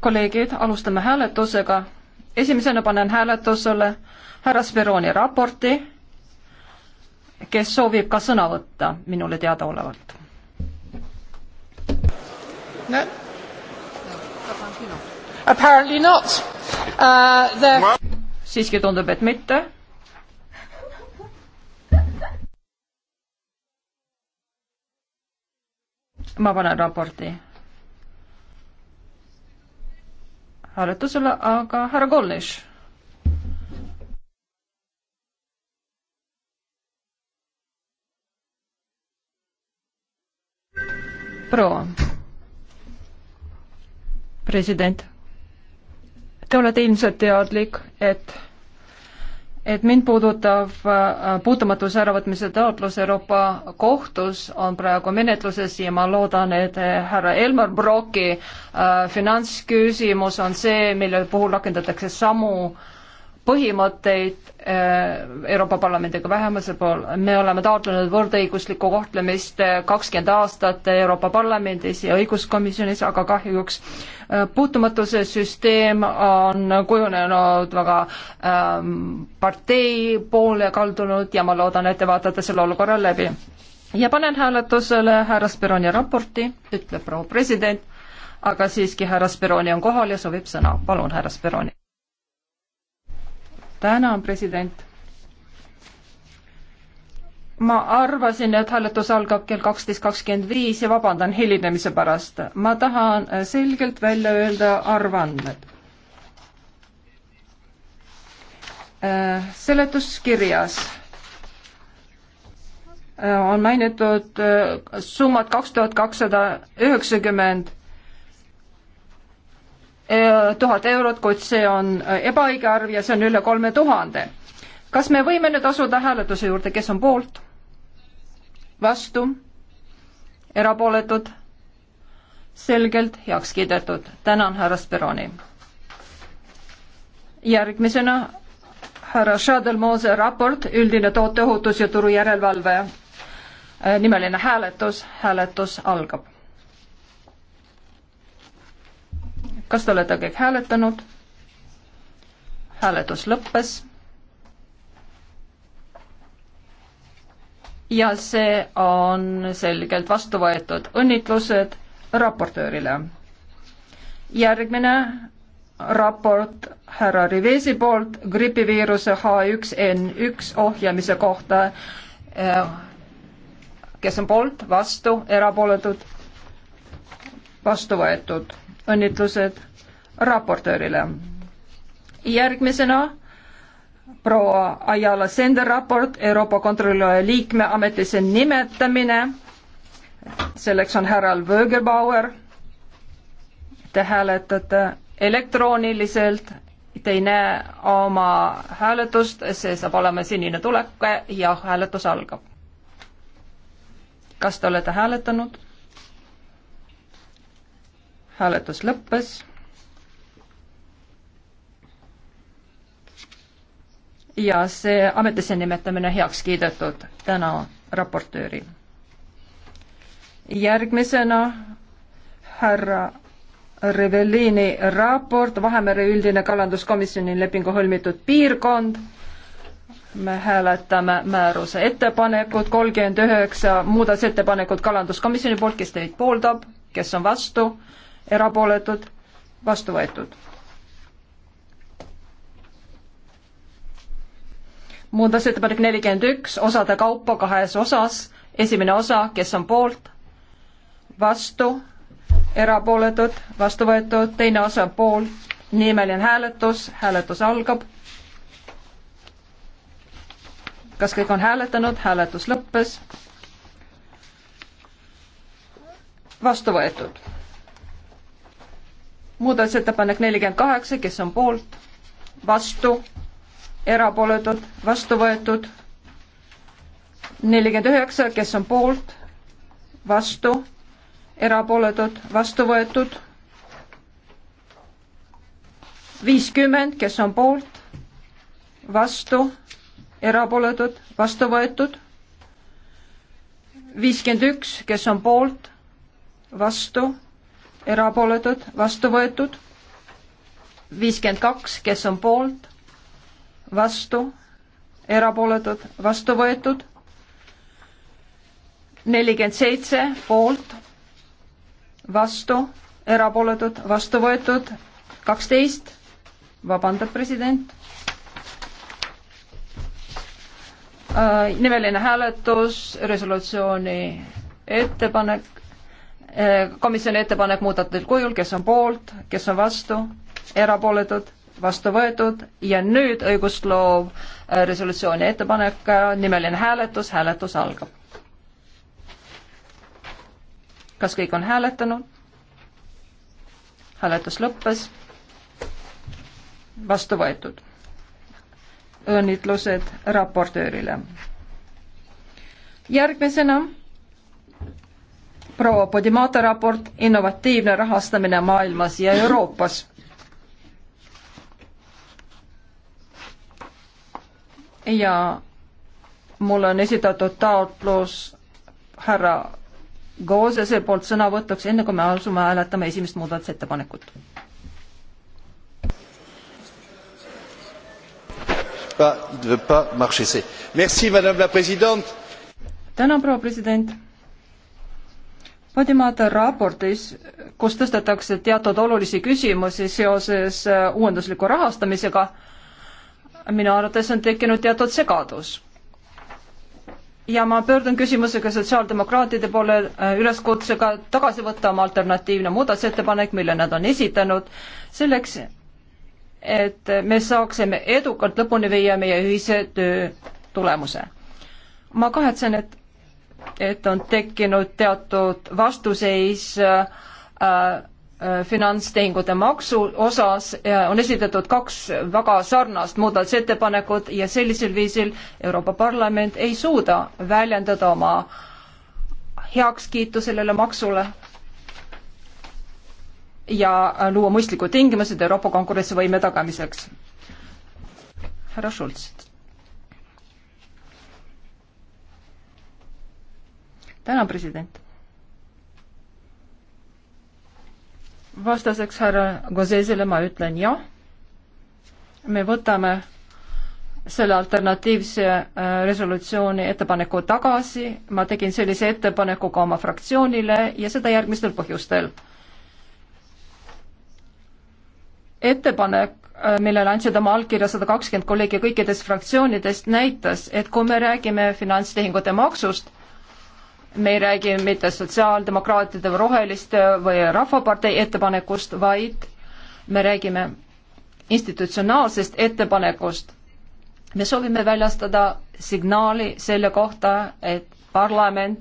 kolleegid, alustame hääletusega. esimesena panen hääletusele härra Speroni raporti, kes soovib ka sõna võtta minule teadaolevalt no.. Apparently not uh,. The... siiski tundub, et mitte ma panen raporti hääletusele, aga härra Kollis. proua. president, te olete ilmselt teadlik, et et mind puudutav äh, puutumatuse äravõtmise taotlus Euroopa kohtus on praegu menetluses ja ma loodan, et äh, härra Elmar Broki äh, finantsküsimus on see, mille puhul rakendatakse samu äh, põhimõtteid äh, Euroopa Parlamendiga vähemuse pool. me oleme taotlenud võrdõiguslikku kohtlemist äh, kakskümmend aastat Euroopa Parlamendis ja õiguskomisjonis, aga kahjuks äh, puutumatuse süsteem on kujunenud väga ähm, partei poole kaldunud ja ma loodan, et te vaatate selle olukorra läbi. ja panen hääletusele härra Speroni raporti, ütleb proua president, aga siiski härra Speroni on kohal ja soovib sõna. palun, härra Speroni tänan, president. ma arvasin, et hääletus algab kell kaksteist kakskümmend viis ja vabandan hilinemise pärast. ma tahan selgelt välja öelda arvandmed äh, seletuskirjas äh, on mainitud äh, summad kaks tuhat kakssada üheksakümmend Äh, tuhat eurot, kuid see on äh, ebaõige arv ja see on üle kolme tuhande. kas me võime nüüd asuda hääletuse juurde, kes on poolt? vastu? erapooletud? selgelt heaks kiidetud. tänan, härra Speroni. järgmisena härra Schadelmose raport Üldine tooteohutus ja turujärelevalve äh, nimeline hääletus. hääletus algab. kas te olete kõik hääletanud? hääletus lõppes. ja see on selgelt vastu võetud. õnnitlused raportöörile. järgmine raport härra Rivesi poolt gripiviiruse H1N1 ohjamise kohta. Äh, kes on poolt, vastu, erapooletud, vastu võetud õnnitlused raportöörile. järgmisena proua Ayala Sender raport Euroopa kontrolli liikme ametisse nimetamine. selleks on härra Vögelbauer. Te hääletate elektrooniliselt, te ei näe oma hääletust, see saab olema sinine tulek ja hääletus algab. kas te olete hääletanud? hääletus lõppes. ja see ametisse nimetamine heaks kiidetud täna raportööri. järgmisena härra Revellini raport Vahemere üldine kalanduskomisjoni lepingu hõlmitud piirkond. me hääletame määruse ettepanekut, kolmkümmend üheksa muudatusettepanekut kalanduskomisjoni poolt, kes neid pooldab, kes on vastu, erapooletud, vastu võetud. muudatusettepanek nelikümmend üks, osade kaupa kahes osas, esimene osa, kes on poolt, vastu, erapooletud, vastu võetud, teine osa poolt, nimeline hääletus, hääletus algab. kas kõik on hääletanud, hääletus lõppes. vastu võetud muudatusettepanek nelikümmend kaheksa, kes on poolt, vastu, erapooletud, vastu võetud. nelikümmend üheksa, kes on poolt, vastu, erapooletud, vastu võetud. viiskümmend, kes on poolt, vastu, erapooletud, vastu võetud. viiskümmend üks, kes on poolt, vastu erapooletud, vastu võetud. viiskümmend kaks, kes on poolt, vastu, erapooletud, vastu võetud. nelikümmend seitse poolt, vastu, erapooletud, vastu võetud. kaksteist, vabandab president äh, nimeline hääletus, resolutsiooni ettepanek komisjoni ettepanek muudetud kujul, kes on poolt, kes on vastu, erapooletud, vastu võetud ja nüüd õigustloov äh, resolutsiooni ettepanek, äh, nimeline hääletus, hääletus algab. kas kõik on hääletanud? hääletus lõppes, vastu võetud. õnnitlused raportöörile. järgmisena proua Podimata raport Innovatiivne rahastamine maailmas ja Euroopas. ja mulle on esitatud taotlus härra Goosese poolt sõnavõtuks, enne kui me asume hääletama esimest muudatusettepanekut. tänan, proua president Padimata raportis, kus tõstetakse teatud olulisi küsimusi seoses äh, uuendusliku rahastamisega, minu arvates on tekkinud teatud segadus. ja ma pöördun küsimusega sotsiaaldemokraatide poole äh, üleskutsega tagasi võtta oma alternatiivne muudatusettepanek, mille nad on esitanud, selleks et me saaksime edukalt lõpuni viia meie ühise töö tulemuse. ma kahetsen, et et on tekkinud teatud vastuseis äh, äh finantstehingute maksu osas on esitatud kaks väga sarnast muudatusettepanekut ja sellisel viisil Euroopa Parlament ei suuda väljendada oma heakskiitu sellele maksule ja luua mõistlikud tingimused Euroopa konkurentsivõime tagamiseks. härra Schulz tänan, president. vastaseks härra Gozesele ma ütlen jah. me võtame selle alternatiivse äh, resolutsiooni ettepaneku tagasi, ma tegin sellise ettepaneku ka oma fraktsioonile ja seda järgmistel põhjustel. ettepanek, äh, millele andsid oma allkirja sada kakskümmend kolleegi kõikidest fraktsioonidest, näitas, et kui me räägime finantstehingute maksust, me ei räägi mitte sotsiaaldemokraatide või roheliste või Rahvapartei ettepanekust, vaid me räägime institutsionaalsest ettepanekust. me soovime väljastada signaali selle kohta, et parlament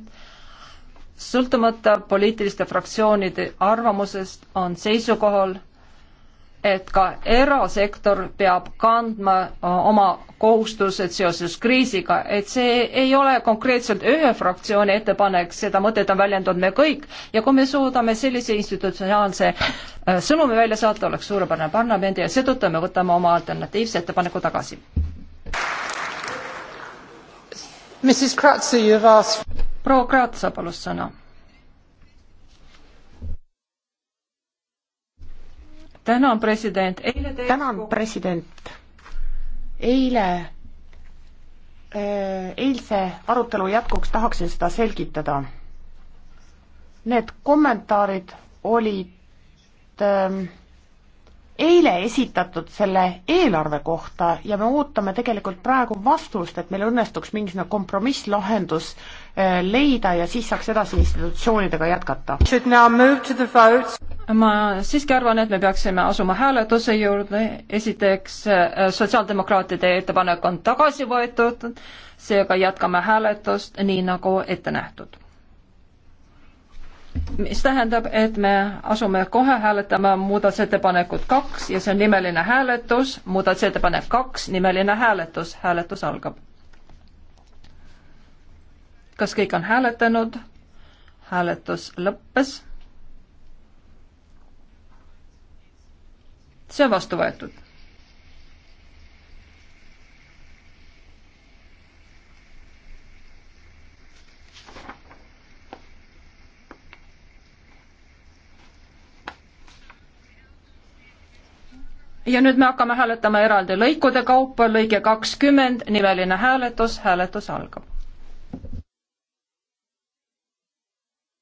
sõltumata poliitiliste fraktsioonide arvamusest on seisukohal et ka erasektor peab kandma äh, oma kohustused seoses kriisiga, et see ei ole konkreetselt ühe fraktsiooni ettepanek, seda mõtet on väljendanud me kõik ja kui me suudame sellise institutsionaalse äh, sõnumi välja saata, oleks suurepärane parlamendi ja seetõttu me võtame oma alternatiivse ettepaneku tagasi. proua Kratsa palus sõna tänan, president. tänan, president. eile, äh, eilse arutelu jätkuks tahaksin seda selgitada. Need kommentaarid olid öö, ähm, eile esitatud selle eelarve kohta ja me ootame tegelikult praegu vastust, et meil õnnestuks mingisugune kompromisslahendus äh, leida ja siis saaks edasi institutsioonidega jätkata ma siiski arvan, et me peaksime asuma hääletuse juurde, esiteks äh, sotsiaaldemokraatide ettepanek on tagasi võetud, seega jätkame hääletust nii, nagu ette nähtud. mis tähendab, et me asume kohe hääletama muudatusettepanekut kaks ja see on nimeline hääletus, muudatusettepanek kaks, nimeline hääletus, hääletus algab. kas kõik on hääletanud? hääletus lõppes see on vastu võetud. ja nüüd me hakkame hääletama eraldi lõikude kaupa, lõige kakskümmend, nimeline hääletus, hääletus algab.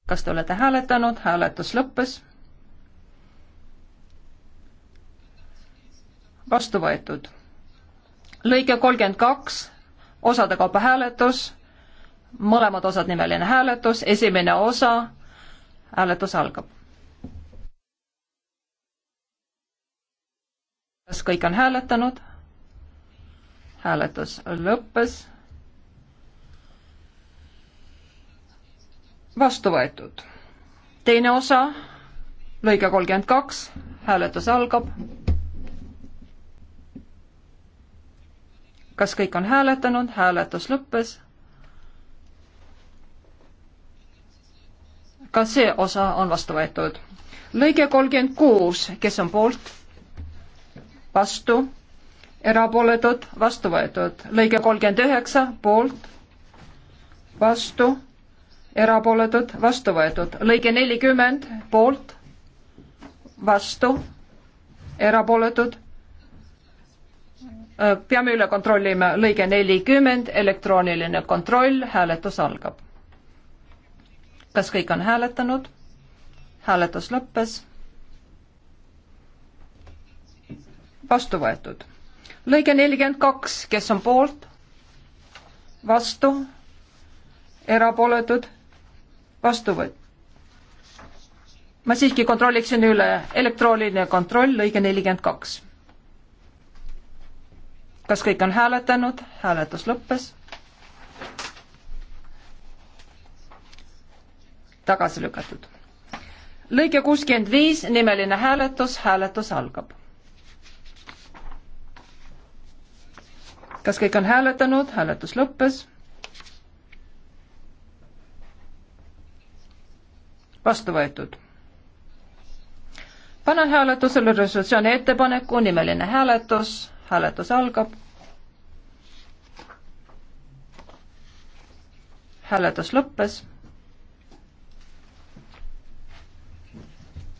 kas te olete hääletanud, hääletus lõppes vastu võetud. lõige kolmkümmend kaks, osade kaupa hääletus, mõlemad osad nimeline hääletus, esimene osa, hääletus algab. kas kõik on hääletanud? hääletus lõppes. vastu võetud. teine osa, lõige kolmkümmend kaks, hääletus algab kas kõik on hääletanud, hääletus lõppes. ka see osa on vastu võetud. lõige kolmkümmend kuus, kes on poolt, vastu, erapooletud, vastu võetud. lõige kolmkümmend üheksa, poolt, vastu, erapooletud, vastu võetud. lõige nelikümmend, poolt, vastu, erapooletud, Äh, peame üle kontrollima lõige nelikümmend, elektrooniline kontroll, hääletus algab. kas kõik on hääletanud? hääletus lõppes. vastu võetud. lõige nelikümmend kaks, kes on poolt? vastu? erapooletud? vastu võetud? ma siiski kontrolliksin üle, elektrooniline kontroll, lõige nelikümmend kaks kas kõik on hääletanud? hääletus lõppes. tagasi lükatud. lõige kuuskümmend viis, nimeline hääletus, hääletus algab. kas kõik on hääletanud? hääletus lõppes. vastu võetud. panen hääletusele resolutsiooni ettepaneku, nimeline hääletus hääletus algab. hääletus lõppes.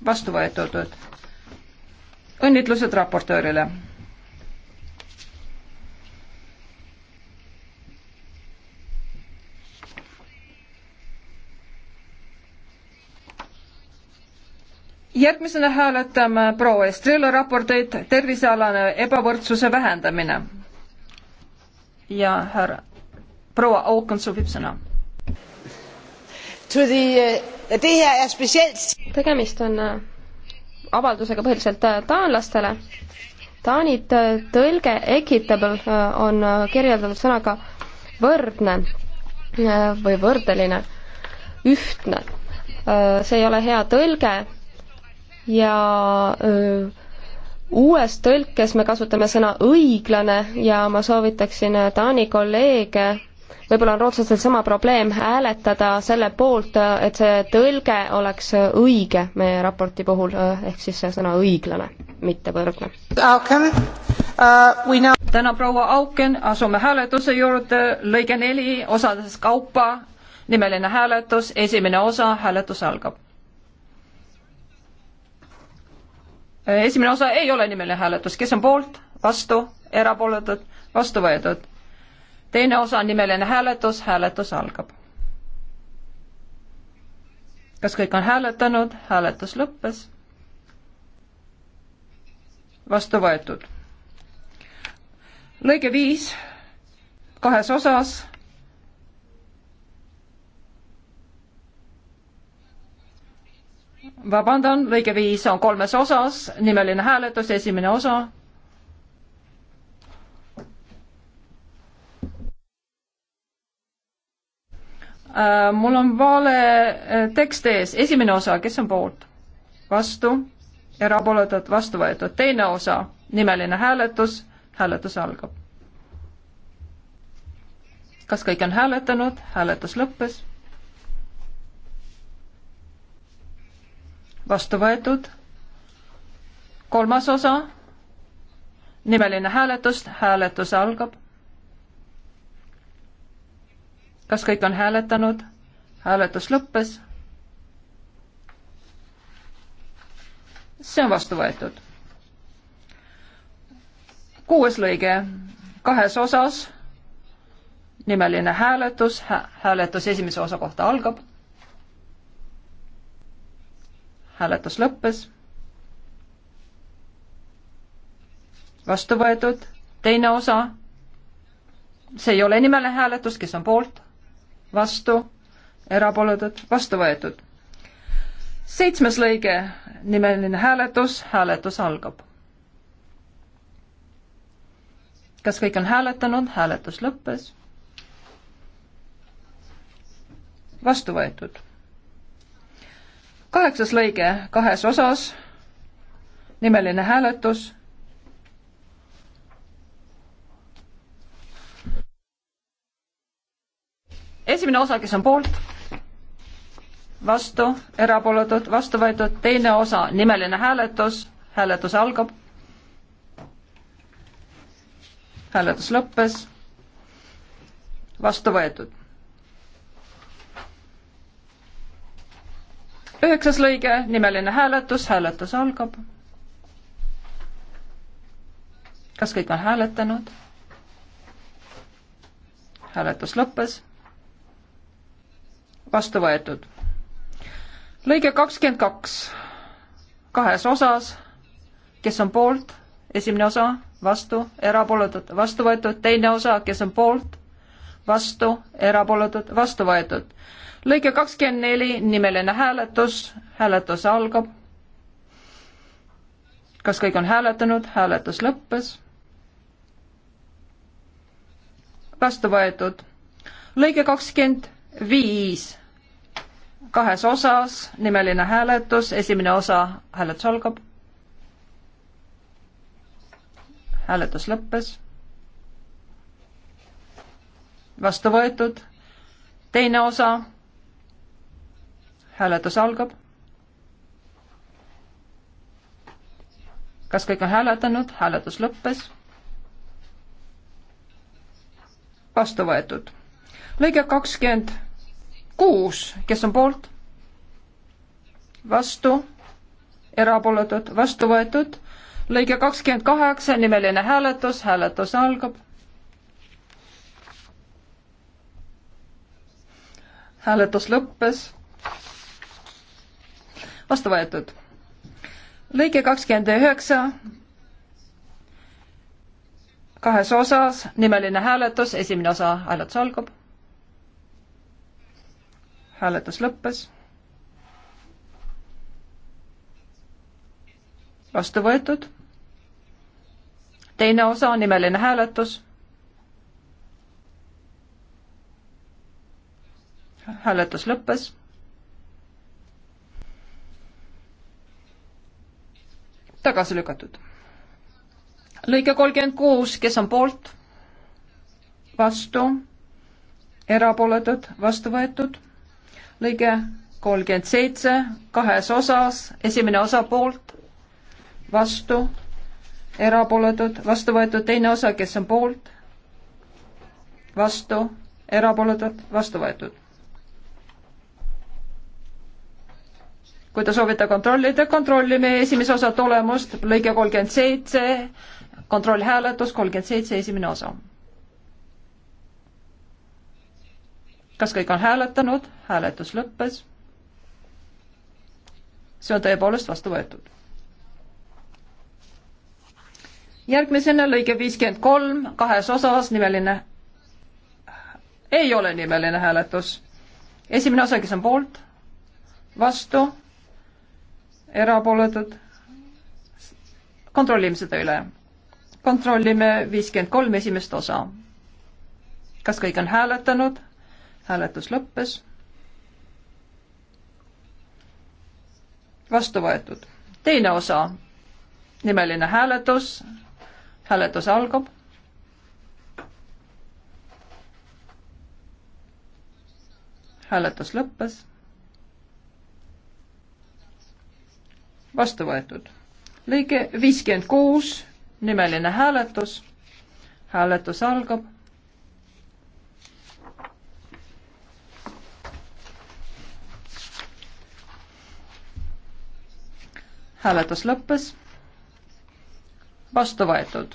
vastu võetud. õnnitlused raportöörile järgmisena hääletame proua Estrela raporteid Tervisealane ebavõrdsuse vähendamine. ja härra, proua Auken soovib sõna. Eh, er tegemist on eh, avaldusega põhiliselt eh, taanlastele. Taanit tõlge equitable on kirjeldatud sõnaga võrdne või võrdeline, ühtne. see ei ole hea tõlge ja öö, uues tõlkes me kasutame sõna õiglane ja ma soovitaksin äh, Taani kolleege võib-olla on rootslastel sama probleem hääletada selle poolt, äh, et see tõlge oleks äh, õige meie raporti puhul, ehk siis see sõna õiglane, mitte võrdne. täna proua Auken, asume hääletuse juurde, lõige neli, osades kaupa, nimeline hääletus, esimene osa, hääletus algab esimene osa ei ole nimeline hääletus, kes on poolt, vastu, erapooletud, vastu võetud. teine osa on nimeline hääletus, hääletus algab. kas kõik on hääletanud, hääletus lõppes? vastu võetud. lõige viis kahes osas vabandan, lõige viis on kolmes osas, nimeline hääletus, esimene osa. Äh, mul on vale äh, tekst ees, esimene osa, kes on poolt? vastu, erapooletud, vastu võetud, teine osa, nimeline hääletus, hääletus algab. kas kõik on hääletanud, hääletus lõppes vastu võetud. kolmas osa, nimeline hääletus, hääletus algab. kas kõik on hääletanud? hääletus lõppes. see on vastu võetud. kuues lõige, kahes osas nimeline hääletus hä, hääletus esimese osa kohta algab hääletus lõppes. vastu võetud, teine osa. see ei ole nimeline hääletus, kes on poolt, vastu, erapooletud, vastu võetud. seitsmes lõige, nimeline hääletus, hääletus algab. kas kõik on hääletanud, hääletus lõppes. vastu võetud kaheksas lõige kahes osas, nimeline hääletus. esimene osa, kes on poolt, vastu, erapooletud, vastu võetud, teine osa, nimeline hääletus, hääletus algab. hääletus lõppes, vastu võetud üheksas lõige, nimeline hääletus, hääletus algab. kas kõik on hääletanud? hääletus lõppes. vastu võetud. lõige kakskümmend kaks, kahes osas. kes on poolt? esimene osa, vastu, erapooletud, vastu võetud, teine osa, kes on poolt, vastu, erapooletud, vastu võetud lõige kakskümmend neli, nimeline hääletus, hääletus algab. kas kõik on hääletanud, hääletus lõppes. vastu võetud. lõige kakskümmend viis, kahes osas, nimeline hääletus, esimene osa, hääletus algab. hääletus lõppes. vastu võetud. teine osa hääletus algab. kas kõik on hääletanud, hääletus lõppes? vastu võetud. lõige kakskümmend kuus, kes on poolt? vastu, erapooletud, vastu võetud. lõige kakskümmend kaheksa, nimeline hääletus, hääletus algab. hääletus lõppes vastu võetud. lõige kakskümmend üheksa, kahes osas, nimeline hääletus, esimene osa, hääletus algab. hääletus lõppes. vastu võetud. teine osa, nimeline hääletus hääletus lõppes tagasi lükatud. lõige kolmkümmend kuus, kes on poolt? vastu, erapooletud, vastu võetud. lõige kolmkümmend seitse, kahes osas, esimene osa poolt, vastu, erapooletud, vastu võetud, teine osa, kes on poolt, vastu, erapooletud, vastu võetud. kui te soovite kontrollida, kontrollime esimese osa tulemust, lõige kolmkümmend seitse, kontrollhääletus, kolmkümmend seitse, esimene osa. kas kõik on hääletanud? hääletus lõppes. see on tõepoolest vastu võetud. järgmisena lõige viiskümmend kolm, kahes osas nimeline, ei ole nimeline hääletus. esimene osa, kes on poolt, vastu erapooletud. kontrollime seda üle. kontrollime viiskümmend kolm esimest osa. kas kõik on hääletanud? hääletus lõppes. vastu võetud. teine osa, nimeline hääletus. hääletus algab hääletus lõppes vastu võetud. lõige viiskümmend kuus, nimeline hääletus. hääletus algab. hääletus lõppes. vastu võetud.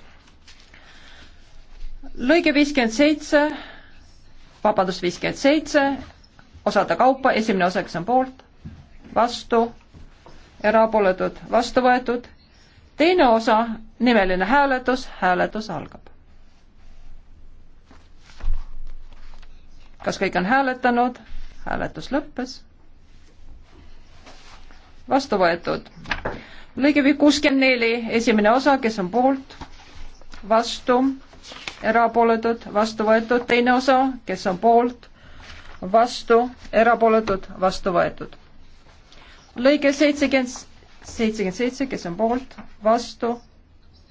lõige viiskümmend seitse, vabandust, viiskümmend seitse, osade kaupa, esimene osakes on poolt, vastu erapooletud, vastu võetud. teine osa, nimeline hääletus, hääletus algab. kas kõik on hääletanud? hääletus lõppes. vastu võetud. lõige kuuskümmend neli, esimene osa, kes on poolt, vastu, erapooletud, vastu võetud, teine osa, kes on poolt, vastu, erapooletud, vastu võetud lõige seitsekümmend, seitsekümmend seitse, kes on poolt, vastu,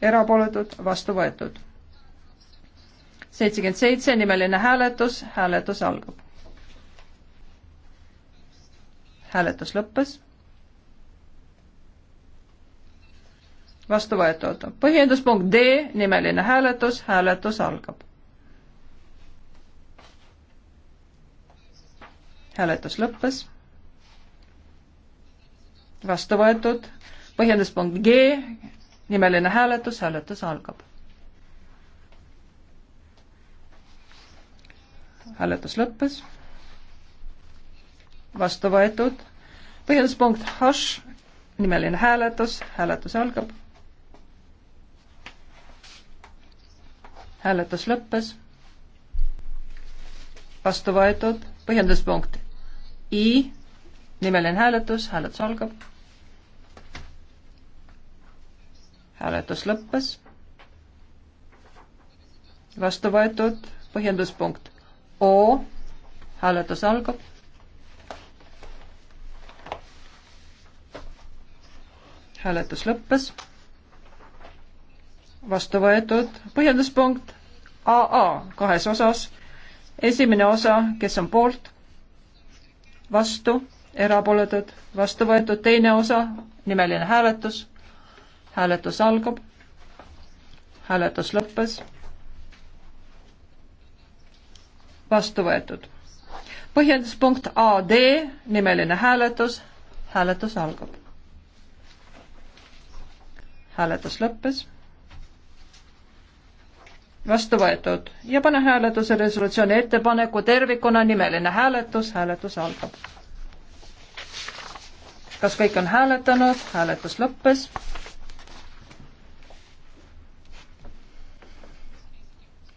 erapooletud, vastu võetud. seitsekümmend seitse, nimeline hääletus, hääletus algab. hääletus lõppes vastu võetud. põhjenduspunkt D, nimeline hääletus, hääletus algab. hääletus lõppes vastu võetud, põhjenduspunkt G, nimeline hääletus, hääletus algab. hääletus lõppes. vastu võetud, põhjenduspunkt H, nimeline hääletus, hääletus algab. hääletus lõppes. vastu võetud, põhjenduspunkt I, nimeline hääletus, hääletus algab hääletus lõppes. vastu võetud põhjenduspunkt O, hääletus algab. hääletus lõppes. vastu võetud põhjenduspunkt AA kahes osas. esimene osa, kes on poolt, vastu, erapooletud, vastu võetud, teine osa, nimeline hääletus hääletus algab, hääletus lõppes, vastu võetud. põhjenduspunkt AD, nimeline hääletus, hääletus algab. hääletus lõppes vastu võetud ja pane hääletuse resolutsiooni ettepaneku tervikuna nimeline hääletus, hääletus algab. kas kõik on hääletanud, hääletus lõppes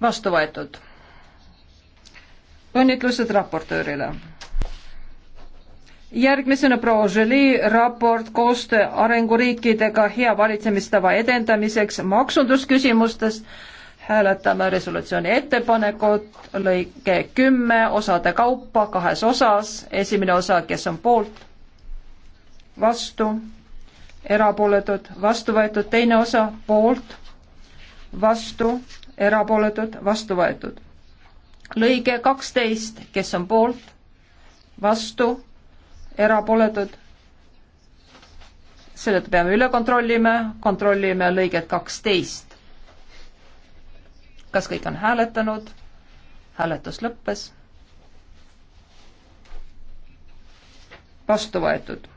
vastu võetud. õnnitlused raportöörile. järgmisena proua Jolie raport koostöö arenguriikidega hea valitsemistava edendamiseks maksundusküsimustes. hääletame resolutsiooni ettepanekut, lõike kümme osade kaupa kahes osas, esimene osa, kes on poolt, vastu, erapooletud, vastu võetud, teine osa poolt, vastu erapooletud, vastu võetud. lõige kaksteist, kes on poolt, vastu, erapooletud, selle peame üle kontrollima, kontrollime lõiget kaksteist. kas kõik on hääletanud? hääletus lõppes. vastu võetud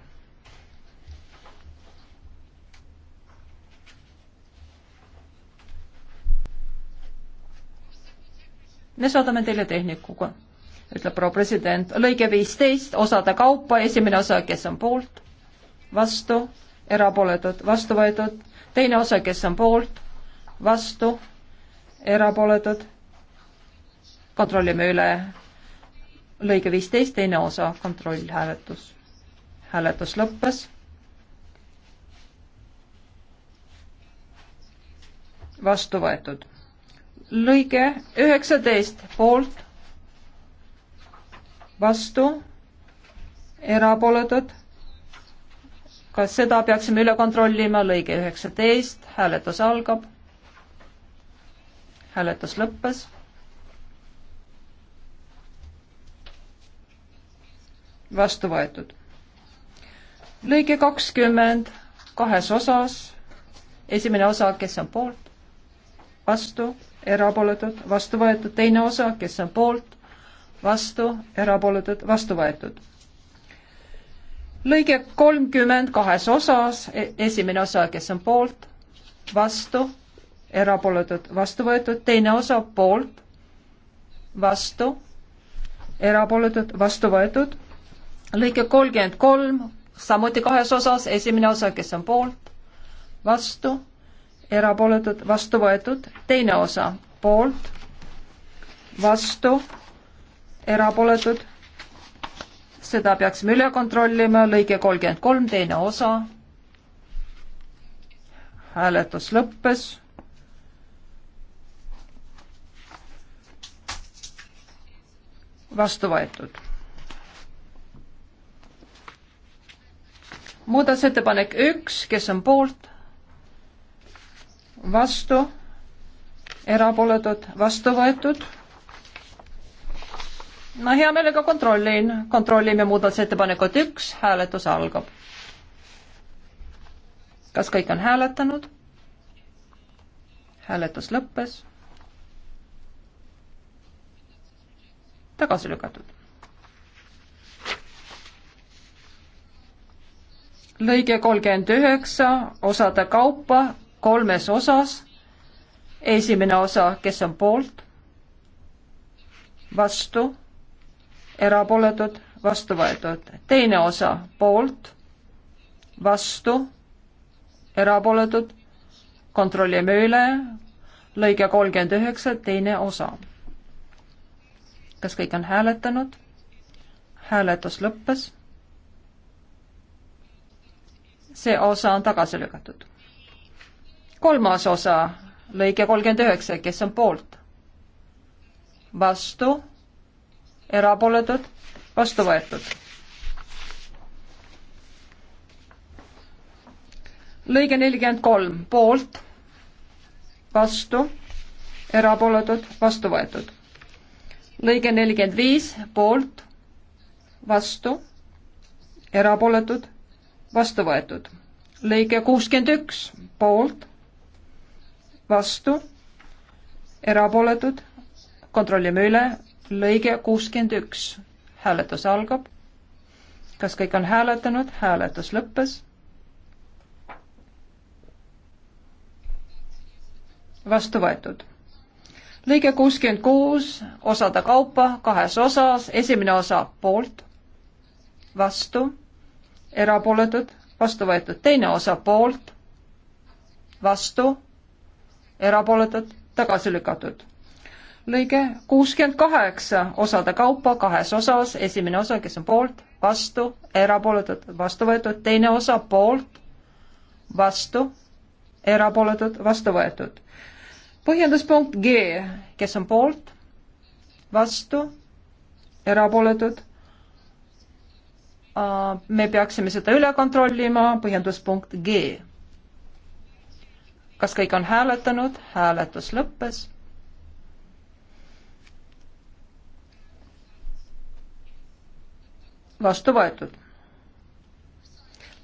me saadame teile tehnikuga, ütleb proua president. lõige viisteist, osade kaupa, esimene osa, kes on poolt, vastu, erapooletud, vastu võetud, teine osa, kes on poolt, vastu, erapooletud, kontrollime üle, lõige viisteist, teine osa, kontrollhääletus. hääletus lõppes. vastu võetud lõige üheksateist poolt, vastu, erapooletud. kas seda peaksime üle kontrollima, lõige üheksateist, hääletus algab. hääletus lõppes. vastu võetud. lõige kakskümmend kahes osas. esimene osa, kes on poolt, vastu erapooletud, vastu võetud, teine osa, kes on poolt, vastu, erapooletud, vastu võetud. lõige kolmkümmend kahes osas, e-, esimene osa, kes on poolt, vastu, erapooletud, vastu võetud, teine osa poolt, vastu, erapooletud, vastu võetud. lõige kolmkümmend kolm, samuti kahes osas, esimene osa, kes on poolt, vastu erapooletud, vastu võetud, teine osa poolt, vastu, erapooletud, seda peaksime üle kontrollima, lõige kolmkümmend kolm, teine osa, hääletus lõppes vastu võetud. muudatusettepanek üks, kes on poolt, vastu, erapooletud, vastu võetud. ma hea meelega kontrollin, kontrollime muudatusettepanekut üks, hääletus algab. kas kõik on hääletanud? hääletus lõppes. tagasi lükatud. lõige kolmkümmend üheksa, osade kaupa kolmes osas. esimene osa, kes on poolt, vastu, erapooletud, vastu võetud. teine osa, poolt, vastu, erapooletud, kontrollime üle, lõige kolmkümmend üheksa, teine osa. kas kõik on hääletanud? hääletus lõppes. see osa on tagasi lükatud kolmas osa, lõige kolmkümmend üheksa, kes on poolt? vastu, erapooletud, vastu võetud. lõige nelikümmend kolm, poolt, vastu, erapooletud, vastu võetud. lõige nelikümmend viis, poolt, vastu, erapooletud, vastu võetud. lõige kuuskümmend üks, poolt vastu, erapooletud, kontrollime üle, lõige kuuskümmend üks, hääletus algab. kas kõik on hääletanud, hääletus lõppes. vastu võetud. lõige kuuskümmend kuus, osade kaupa, kahes osas, esimene osa poolt, vastu, erapooletud, vastu võetud, teine osa poolt, vastu erapooletud, tagasi lükatud. lõige kuuskümmend kaheksa osade kaupa kahes osas, esimene osa, kes on poolt, vastu, erapooletud, vastu võetud, teine osa poolt, vastu, erapooletud, vastu võetud. põhjenduspunkt G, kes on poolt, vastu, erapooletud. me peaksime seda üle kontrollima, põhjenduspunkt G kas kõik on hääletanud? hääletus lõppes. vastu võetud.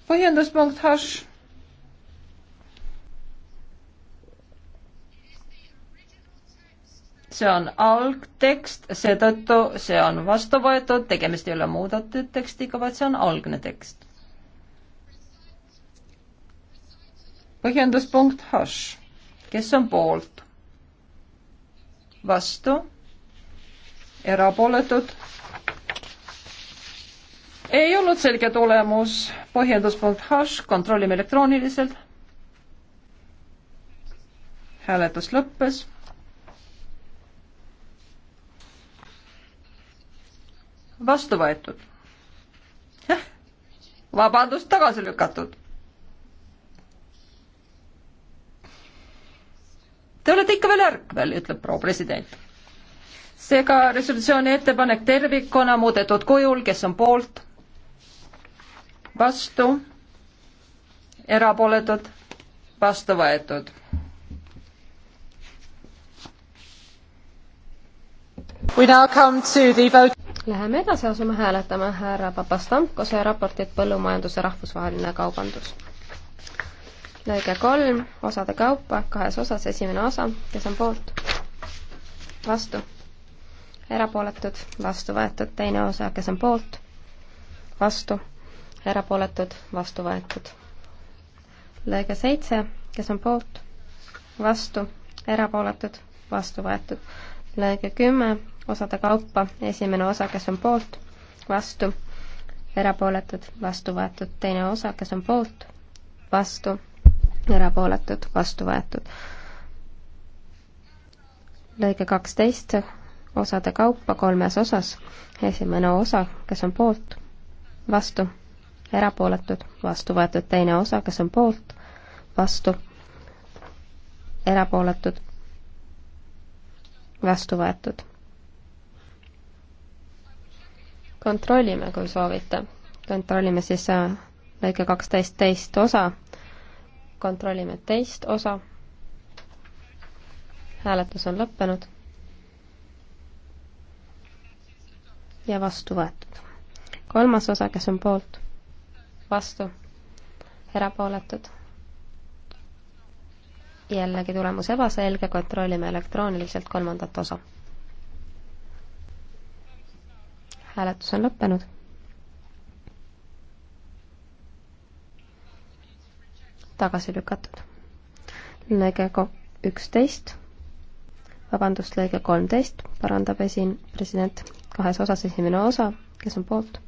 põhjenduspunkt H. see on algtekst, seetõttu see on vastu võetud, tegemist ei ole muudetud tekstiga, vaid see on algne tekst. põhjenduspunkt hash, kes on poolt? vastu? erapooletud? ei olnud selge tulemus, põhjenduspunkt hash, kontrollime elektrooniliselt. hääletus lõppes vastu võetud. vabandust, tagasi lükatud Te olete ikka veel ärkvel, ütleb proua president. seega resolutsiooni ettepanek tervikuna muudetud kujul, kes on poolt, vastu, erapooletud, vastu võetud. Läheme edasi, asume hääletama härra Papastamkose raportit Põllumajanduse rahvusvaheline kaubandus lõige kolm, osade kaupa, kahes osas, esimene osa, kes on poolt, vastu, erapooletud, vastu võetud, teine osa, kes on poolt, vastu, erapooletud, vastu võetud. lõige seitse, kes on poolt, vastu, erapooletud, vastu võetud. lõige kümme, osade kaupa, esimene osa, kes on poolt, vastu, erapooletud, vastu võetud, teine osa, kes on poolt, vastu, erapooletud, vastu võetud. lõige kaksteist, osade kaupa kolmes osas. esimene osa, kes on poolt, vastu, erapooletud, vastu võetud. teine osa, kes on poolt, vastu, erapooletud, vastu võetud. kontrollime, kui soovite. kontrollime siis äh, lõike kaksteist teist osa kontrollime teist osa. hääletus on lõppenud. ja vastu võetud. kolmas osa, kes on poolt, vastu, erapooletud. jällegi tulemus ebaselge, kontrollime elektrooniliselt kolmandat osa. hääletus on lõppenud tagasi lükatud. lõige üksteist, vabandust, lõige kolmteist, parandab esin-, president kahes osas, esimene osa, kes on poolt,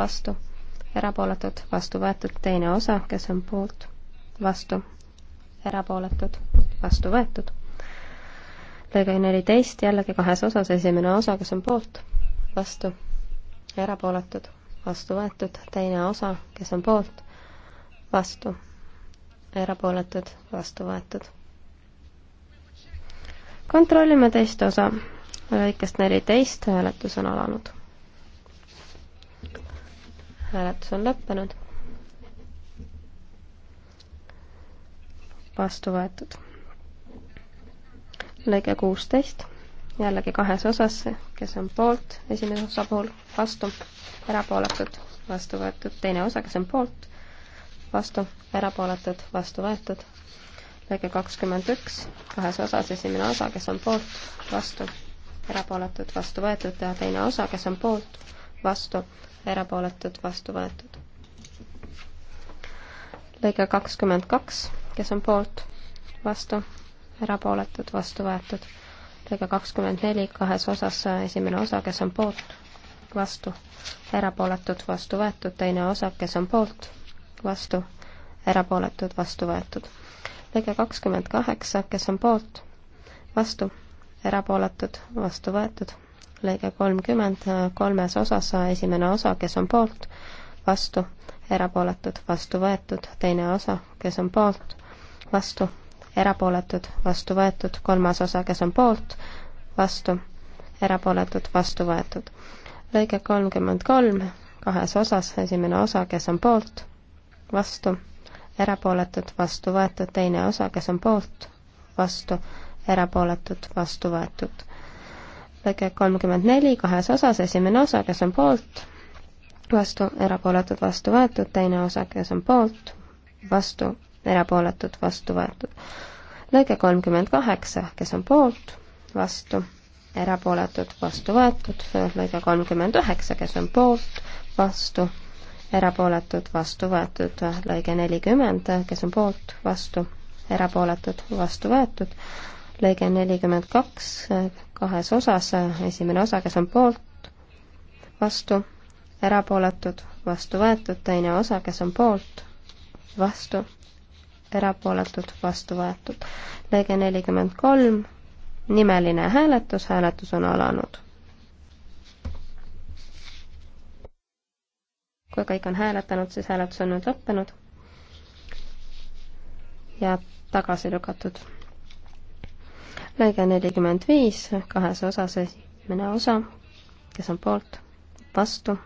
vastu, erapooletud, vastu võetud, teine osa, kes on poolt, vastu, erapooletud, vastu võetud. lõige neliteist, jällegi kahes osas, esimene osa, kes on poolt, vastu, erapooletud, vastu võetud, teine osa, kes on poolt, vastu erapooletud, vastu võetud. kontrollime teist osa lõikest neliteist, hääletus on alanud. hääletus on lõppenud. vastu võetud. lõige kuusteist, jällegi kahes osas, kes on poolt, esimene osa pool, vastu, erapooletud, vastu võetud, teine osa, kes on poolt vastu, erapooletud, vastu võetud. lõige kakskümmend üks, kahes osas, esimene osa, kes on poolt, vastu, erapooletud, vastu võetud ja teine osa, kes on poolt, vastu, erapooletud, vastu võetud. lõige kakskümmend kaks, kes on poolt, vastu, erapooletud, vastu võetud. lõige kakskümmend neli, kahes osas, esimene osa, kes on poolt, vastu, erapooletud, vastu võetud, teine osa, kes on poolt vastu, erapooletud, vastu võetud. lõige kakskümmend kaheksa, kes on poolt, vastu, erapooletud, vastu võetud. lõige kolmkümmend, kolmes osas esimene osa, kes on poolt, vastu, erapooletud, vastu võetud, teine osa, kes on poolt, vastu, erapooletud, vastu võetud, kolmas osa, kes on poolt, vastu, erapooletud, vastu võetud. lõige kolmkümmend kolm, kahes osas, esimene osa, kes on poolt, vastu, erapooletud, vastu võetud, teine osa, kes on poolt, vastu, erapooletud, vastu võetud. lõige kolmkümmend neli kahes osas, esimene osa, kes on poolt, vastu, erapooletud, vastu võetud, teine osa, kes on poolt, vastu, erapooletud, vastu võetud. lõige kolmkümmend kaheksa, kes on poolt, vastu, erapooletud, vastu võetud, lõige kolmkümmend üheksa, kes on poolt, vastu, erapooletud, vastu võetud, lõige nelikümmend, kes on poolt, vastu, erapooletud, vastu võetud, lõige nelikümmend kaks kahes osas, esimene osa, kes on poolt, vastu, erapooletud, vastu võetud, teine osa, kes on poolt, vastu, erapooletud, vastu võetud. lõige nelikümmend kolm, nimeline hääletus, hääletus on alanud kui kõik on hääletanud, siis hääletus on nüüd lõppenud ja tagasi lükatud. lõige nelikümmend viis, kahes osas esimene osa, kes on poolt, vastu,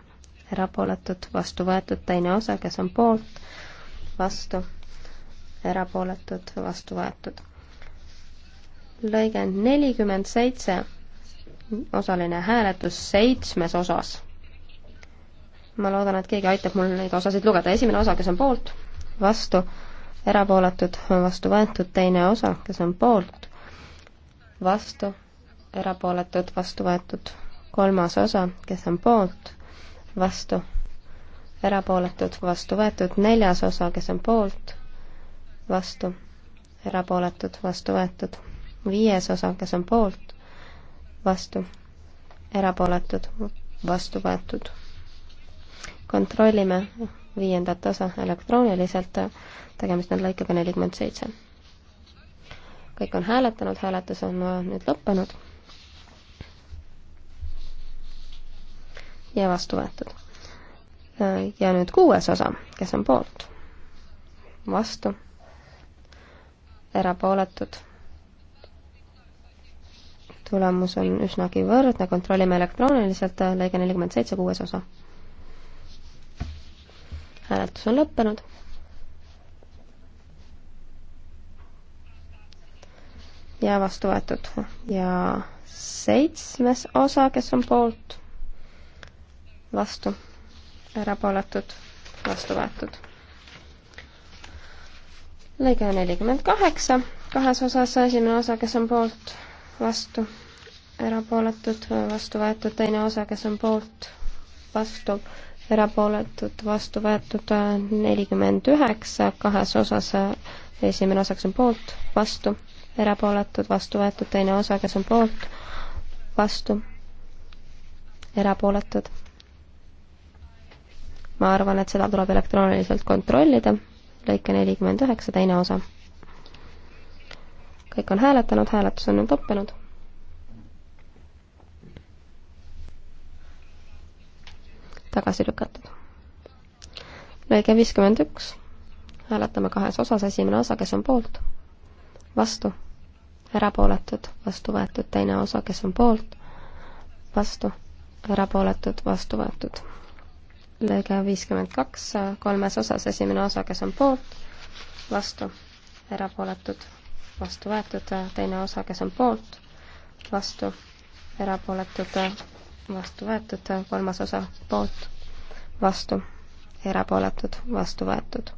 erapooletud, vastu võetud, teine osa, kes on poolt, vastu, erapooletud, vastu võetud. lõige nelikümmend seitse, osaline hääletus seitsmes osas ma loodan, et keegi aitab mul neid osasid lugeda. esimene osa, kes on poolt, vastu, erapooletud, vastu võetud, teine osa, kes on poolt, vastu, erapooletud, vastu võetud, kolmas osa, kes on poolt, vastu, erapooletud, vastu võetud, neljas osa, kes on poolt, vastu, erapooletud, vastu võetud, viies osa, kes on poolt, vastu, erapooletud, vastu võetud kontrollime viiendat osa elektrooniliselt, tegemist on lõikega nelikümmend seitse. kõik on hääletanud, hääletus on nüüd lõppenud. ja vastu võetud. ja nüüd kuues osa, kes on poolt? vastu? erapooletud? tulemus on üsnagi võrdne, kontrollime elektrooniliselt, lõige nelikümmend seitse, kuues osa hääletus on lõppenud. ja vastu võetud ja seitsmes osa, kes on poolt, vastu, erapooletud, vastu võetud. lõige nelikümmend kaheksa, kahes osas esimene osa, kes on poolt, vastu, erapooletud, vastu võetud, teine osa, kes on poolt, vastu, erapooletud, vastu võetud nelikümmend üheksa, kahes osas esimene osa, kes on poolt, vastu, erapooletud, vastu võetud, teine osa, kes on poolt, vastu, erapooletud. ma arvan, et seda tuleb elektrooniliselt kontrollida, lõike nelikümmend üheksa, teine osa. kõik on hääletanud, hääletus on nüüd lõppenud tagasi lükatud. lõige viiskümmend üks, hääletame kahes osas, esimene osa, kes on poolt, vastu, erapooletud, vastu võetud, teine osa, kes on poolt, vastu, erapooletud, vastu võetud. lõige viiskümmend kaks, kolmes osas, esimene osa, kes on poolt, vastu, erapooletud, vastu võetud, teine osa, kes on poolt, vastu, erapooletud, vastu võetud, kolmas osa poolt, vastu, erapooletud, vastu võetud.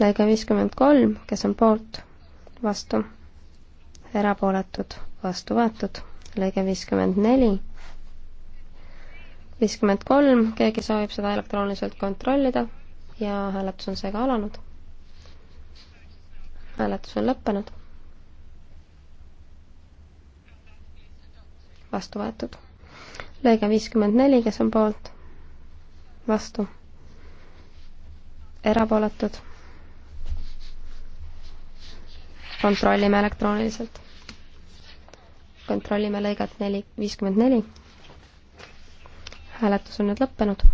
lõige viiskümmend kolm, kes on poolt, vastu, erapooletud, vastu võetud, lõige viiskümmend neli, viiskümmend kolm, keegi soovib seda elektrooniliselt kontrollida ja hääletus on seega alanud. hääletus on lõppenud. vastu võetud lõige viiskümmend neli, kes on poolt, vastu, erapooletud. kontrollime elektrooniliselt. kontrollime lõiget neli, viiskümmend neli. hääletus on nüüd lõppenud.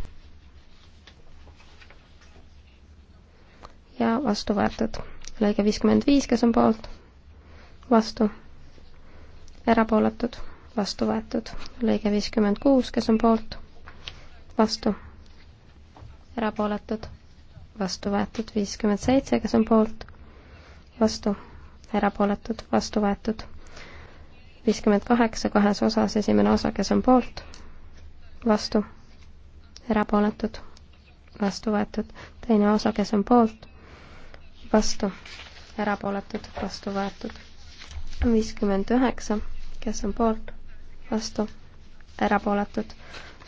ja vastu võetud. lõige viiskümmend viis, kes on poolt, vastu, erapooletud vastu võetud. lõige viiskümmend kuus, kes on poolt, vastu, erapooletud, vastu võetud. viiskümmend seitse, kes on poolt, vastu, erapooletud, vastu võetud. viiskümmend kaheksa kahes osas, esimene osa, kes on poolt, vastu, erapooletud, vastu võetud. teine osa, kes on poolt, vastu, erapooletud, vastu võetud. viiskümmend üheksa, kes on poolt vastu, erapooletud,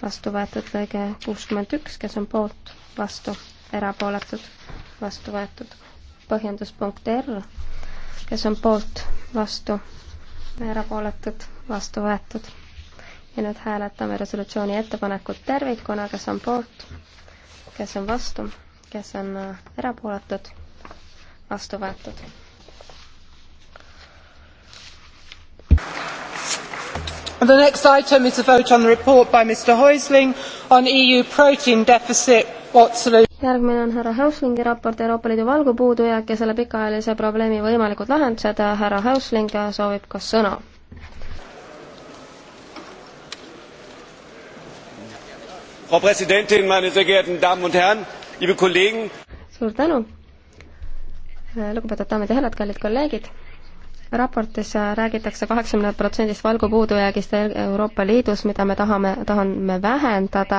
vastu võetud lõige kuuskümmend üks, kes on poolt, vastu, erapooletud, vastu võetud. põhjenduspunkt R, kes on poolt, vastu, erapooletud, vastu võetud. ja nüüd hääletame resolutsiooni ettepanekut tervikuna, kes on poolt, kes on vastu, kes on äh, erapooletud, vastu võetud The next item is a vote on the report by Mr Häusling on EU protein deficit what solution järgmine on härra Häuslingi raport Euroopa Liidu valgupuudujääk ja selle pikaajalise probleemi võimalikud lahendused. härra Häusling soovib ka sõna. Frau Präsidentin, meine sehr geehrten Damen und Herren, liebe Kollegen! suur tänu, lugupeetud daamid ja härrad, kallid kolleegid! raportis äh, räägitakse kaheksakümne protsendist valgu puudujäägist Euroopa Liidus, mida me tahame, tahame vähendada,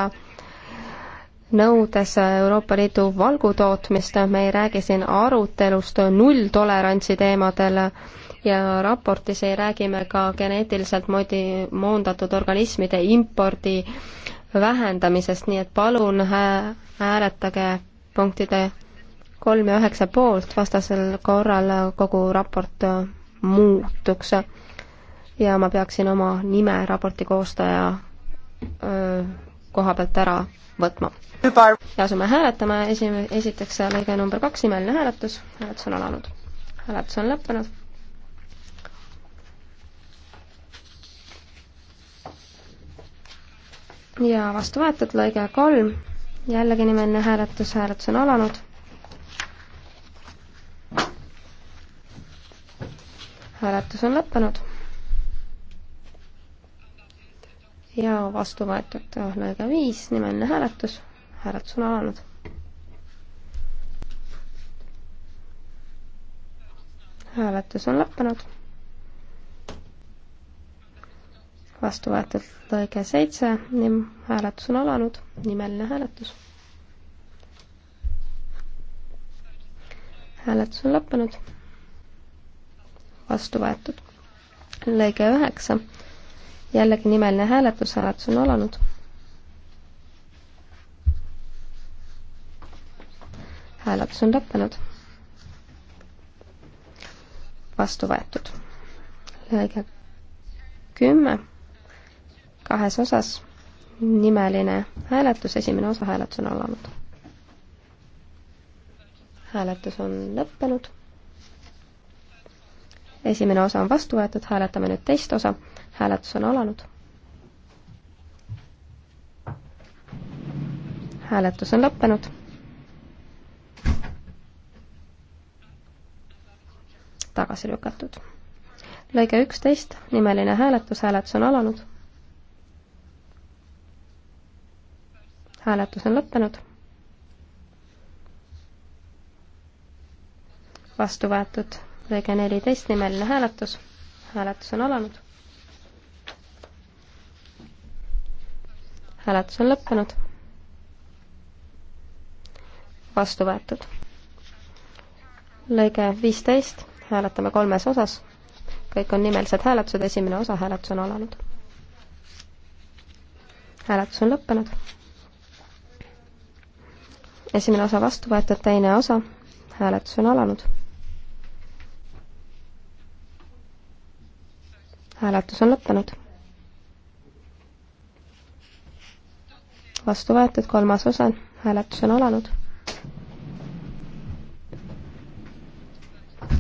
nõudes Euroopa Liidu valgutootmist, me ei räägi siin arutelust nulltolerantsi teemadel ja raportis ei räägi me ka geneetiliselt moodi moondatud organismide impordi vähendamisest, nii et palun äh, hääletage punktide kolm ja üheksa poolt, vastasel korral kogu raport muutuks. ja ma peaksin oma nime raporti koostaja koha pealt ära võtma. ja asume hääletama, esim-, esiteks lõige number kaks, nimeline hääletus, hääletus on alanud. hääletus on lõppenud. ja vastu võetud lõige kolm, jällegi nimeline hääletus, hääletus on alanud hääletus on lõppenud. ja vastu võetud äh, lõige viis, nimeline hääletus, hääletus on alanud. hääletus on lõppenud. vastu võetud lõige seitse, nim-, hääletus on alanud, nimeline hääletus. hääletus on lõppenud vastu võetud. lõige üheksa, jällegi nimeline hääletus, hääletus on alanud. hääletus on lõppenud. vastu võetud. lõige kümme, kahes osas, nimeline hääletus, esimene osa hääletus on alanud hääletus on lõppenud esimene osa on vastu võetud, hääletame nüüd teist osa, hääletus on alanud. hääletus on lõppenud. tagasi lükatud. lõige üksteist, nimeline hääletus, hääletus on alanud. hääletus on lõppenud vastu võetud lõige neliteist nimeline hääletus. hääletus on alanud. hääletus on lõppenud. vastu võetud. lõige viisteist, hääletame kolmes osas. kõik on nimelised hääletused, esimene osa, hääletus on alanud. hääletus on lõppenud. esimene osa vastu võetud, teine osa, hääletus on alanud hääletus on lõppenud. vastu võetud kolmas osa, hääletus on alanud.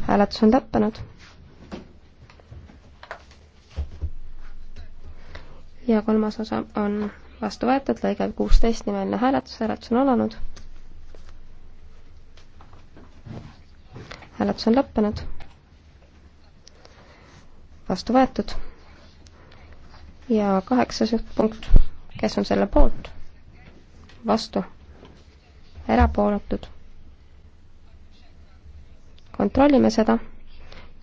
hääletus on lõppenud. ja kolmas osa on vastu võetud, lõige kuusteist nimeline hääletus, hääletus on alanud. hääletus on lõppenud vastu võetud. ja kaheksas punkt, kes on selle poolt, vastu, erapooletud. kontrollime seda,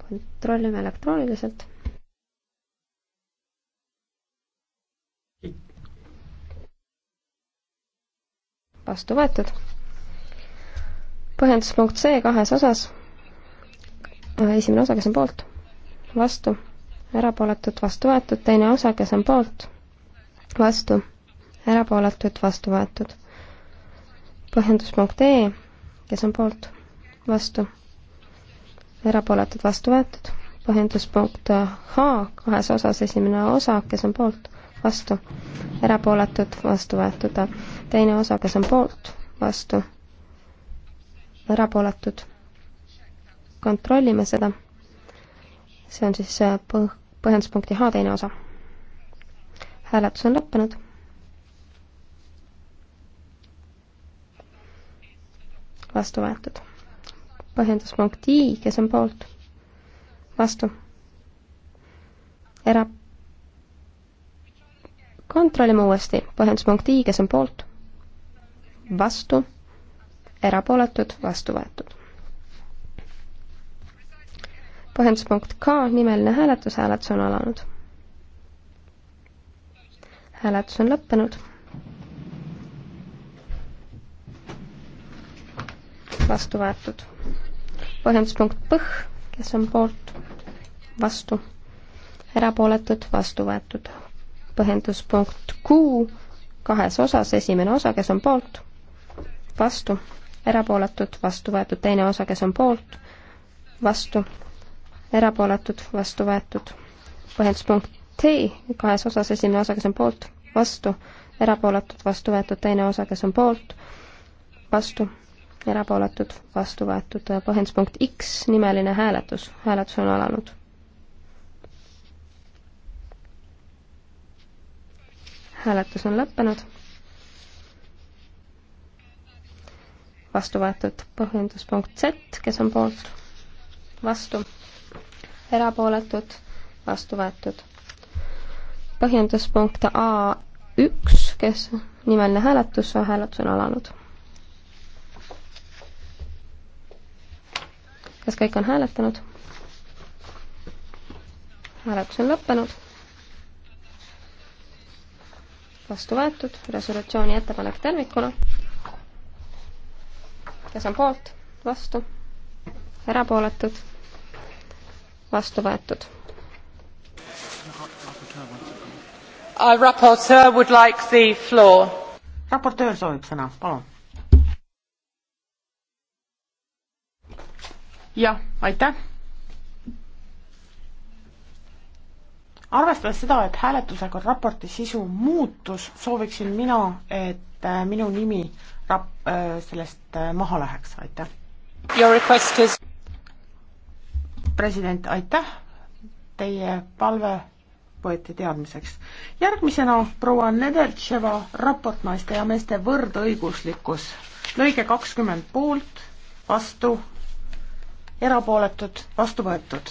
kontrollime elektrooniliselt. vastu võetud. põhjenduspunkt C kahes osas, esimene osa, kes on poolt, vastu erapooletud, vastu võetud, teine osa, kes on poolt, vastu, erapooletud, vastu võetud. põhjenduspunkt E, kes on poolt, vastu, erapooletud, vastu võetud. põhjenduspunkt H kahes osas, esimene osa, kes on poolt, vastu, erapooletud, vastu võetud. teine osa, kes on poolt, vastu, erapooletud. kontrollime seda see on siis äh, põh-, põhjenduspunkti H teine osa. hääletus on lõppenud. vastu võetud. põhjenduspunkt I, kes on poolt? vastu. era-. kontrollime uuesti. põhjenduspunkt I, kes on poolt? vastu. erapooletud, vastu võetud põhjenduspunkt K, nimeline hääletus, hääletus on alanud. hääletus on lõppenud. vastu võetud. põhjenduspunkt Põh, kes on poolt, vastu, erapooletud, vastu võetud. põhjenduspunkt Q kahes osas, esimene osa, kes on poolt, vastu, erapooletud, vastu võetud, teine osa, kes on poolt, vastu, erapooletud, vastu võetud. põhjenduspunkt T kahes osas, esimene osa, kes on poolt, vastu, erapooletud, vastu võetud, teine osa, kes on poolt, vastu, erapooletud, vastu võetud. põhjenduspunkt X, nimeline hääletus, hääletus on alanud. hääletus on lõppenud. vastu võetud põhjenduspunkt Z, kes on poolt, vastu erapooletud, vastu võetud. põhjenduspunkt A üks, kes nimeline hääletus, hääletus on alanud. kas kõik on hääletanud? hääletus on lõppenud. vastu võetud, resolutsiooni ettepanek tervikuna. kes on poolt, vastu, erapooletud vastu võetud. raportöör soovib sõna, palun. jah, aitäh. arvestades seda, et hääletusega raporti sisu muutus, sooviksin mina, et äh, minu nimi rap-, äh, sellest äh, maha läheks, aitäh. Your request is president, aitäh, teie palve võeti teadmiseks. järgmisena proua Nedeltševa raport naiste ja meeste võrdõiguslikkus. lõige kakskümmend poolt, vastu, erapooletud, vastu võetud.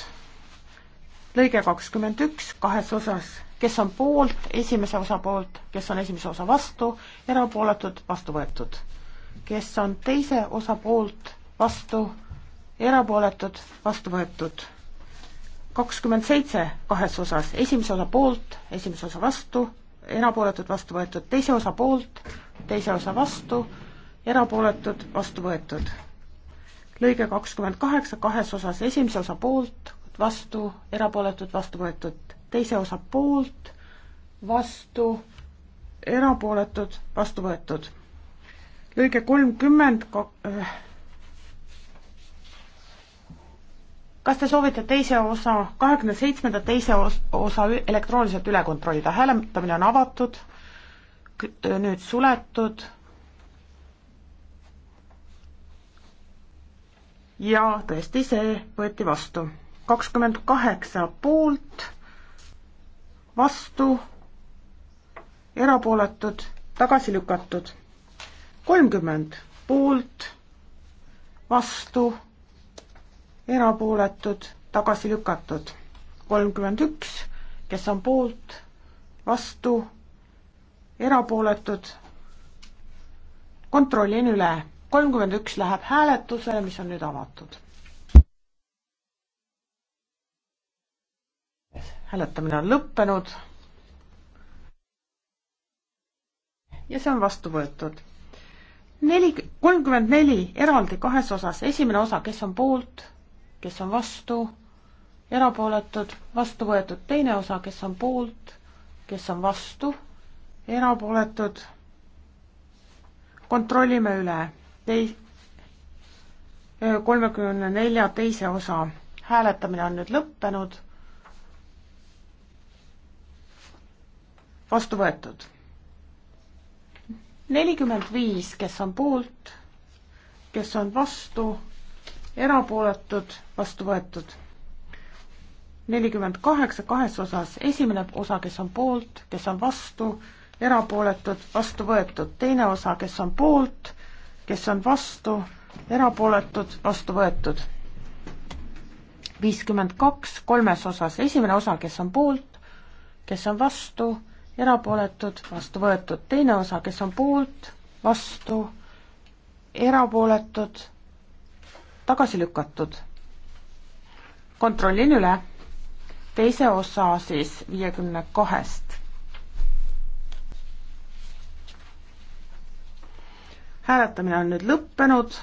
lõige kakskümmend üks, kahes osas, kes on poolt, esimese osa poolt, kes on esimese osa vastu, erapooletud, vastu võetud. kes on teise osa poolt, vastu, erapooletud, vastu võetud. kakskümmend seitse kahes osas, esimese osa poolt, esimese osa vastu, erapooletud, vastu võetud, teise osa poolt, teise osa vastu, erapooletud, vastu võetud. lõige kakskümmend kaheksa kahes osas, esimese osa poolt, vastu, erapooletud, vastu võetud, teise osa poolt, vastu, erapooletud, vastu võetud. lõige kolmkümmend kas te soovite teise osa, kahekümne seitsmenda teise osa elektrooniliselt üle kontrollida, hääletamine on avatud, nüüd suletud ja tõesti, see võeti vastu. kakskümmend kaheksa poolt, vastu, erapooletud, tagasi lükatud. kolmkümmend poolt, vastu erapooletud, tagasi lükatud. kolmkümmend üks, kes on poolt, vastu, erapooletud, kontrollin üle. kolmkümmend üks läheb hääletusele, mis on nüüd avatud. hääletamine on lõppenud. ja see on vastu võetud neli, kolmkümmend neli eraldi kahes osas, esimene osa, kes on poolt, kes on vastu, erapooletud, vastu võetud teine osa, kes on poolt, kes on vastu, erapooletud. kontrollime üle tei-, kolmekümne nelja teise osa. hääletamine on nüüd lõppenud. vastu võetud. nelikümmend viis, kes on poolt, kes on vastu erapooletud, vastu võetud. nelikümmend kaheksa kahes osas, esimene osa, kes on poolt, kes on vastu, erapooletud, vastu võetud, teine osa, kes on poolt, kes on vastu, erapooletud, vastu võetud. viiskümmend kaks kolmes osas, esimene osa, kes on poolt, kes on vastu, erapooletud, vastu võetud, teine osa, kes on poolt, vastu, erapooletud tagasi lükatud. kontrollin üle, teise osa siis viiekümne kahest. hääletamine on nüüd lõppenud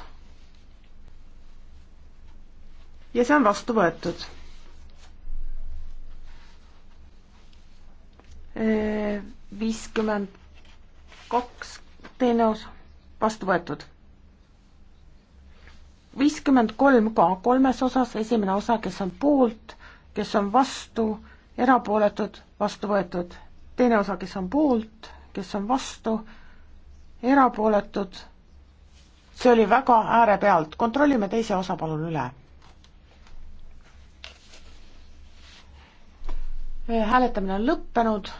ja see on vastu võetud. viiskümmend kaks teine osa vastu võetud viiskümmend kolm ka kolmes osas, esimene osa, kes on poolt, kes on vastu, erapooletud, vastu võetud. teine osa, kes on poolt, kes on vastu, erapooletud, see oli väga ääre pealt, kontrollime teise osa palun üle. hääletamine on lõppenud.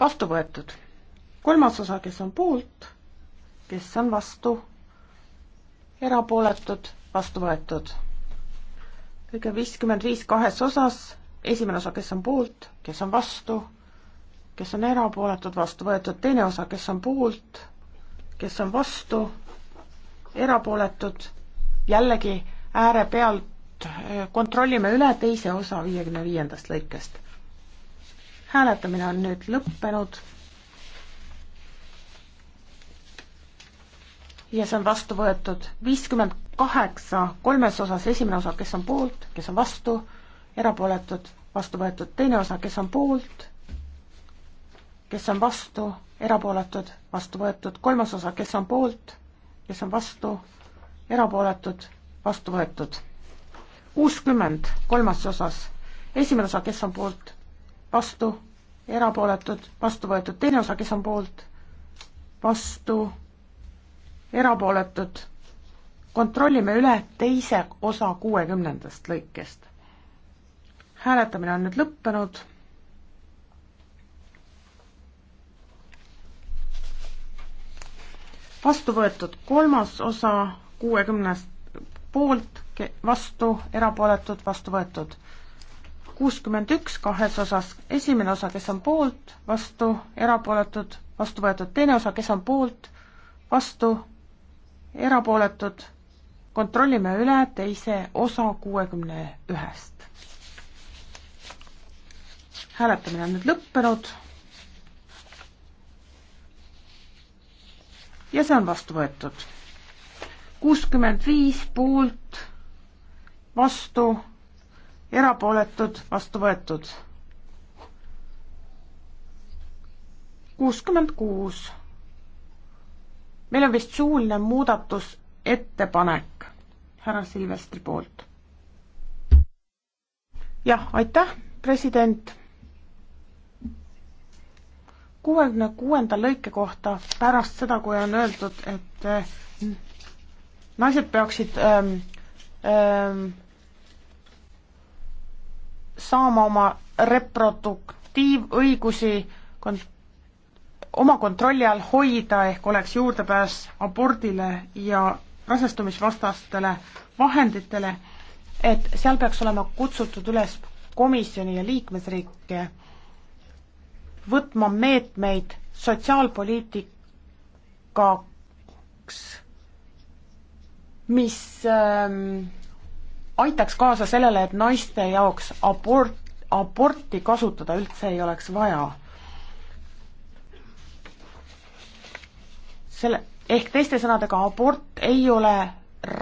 vastu võetud. kolmas osa, kes on poolt kes on vastu, erapooletud, vastu võetud. lõige viiskümmend viis kahes osas, esimene osa, kes on poolt, kes on vastu, kes on erapooletud, vastu võetud, teine osa, kes on poolt, kes on vastu, erapooletud, jällegi ääre pealt äh, kontrollime üle teise osa viiekümne viiendast lõikest. hääletamine on nüüd lõppenud ja see on vastu võetud viiskümmend kaheksa kolmes osas, esimene osa, kes on poolt, kes on vastu, erapooletud, vastu võetud, teine osa, kes on poolt, kes on vastu, erapooletud, vastu võetud, kolmas osa, kes on poolt, kes on vastu, erapooletud, vastu võetud. kuuskümmend kolmas osas, esimene osa, kes on poolt, vastu, erapooletud, vastu võetud, teine osa, kes on poolt, vastu, erapooletud. kontrollime üle teise osa kuuekümnendast lõikest. hääletamine on nüüd lõppenud. vastu võetud kolmas osa kuuekümnest poolt, vastu, erapooletud, vastu võetud kuuskümmend üks kahes osas, esimene osa, kes on poolt, vastu, erapooletud, vastu võetud, teine osa, kes on poolt, vastu, erapooletud, kontrollime üle teise osa kuuekümne ühest. hääletamine on nüüd lõppenud. ja see on vastu võetud. kuuskümmend viis poolt, vastu, erapooletud, vastu võetud. kuuskümmend kuus meil on vist suuline muudatusettepanek härra Silvestri poolt. jah, aitäh, president. kuuekümne kuuenda lõike kohta pärast seda, kui on öeldud, et äh, naised peaksid ähm, ähm, saama oma reproduktiivõigusi kont-, oma kontrolli all hoida, ehk oleks juurdepääs abordile ja rasestumisvastastele vahenditele, et seal peaks olema kutsutud üles komisjoni ja liikmesriike võtma meetmeid sotsiaalpoliitikaks, mis ähm, aitaks kaasa sellele, et naiste jaoks abort, aborti kasutada üldse ei oleks vaja selle, ehk teiste sõnadega, abort ei ole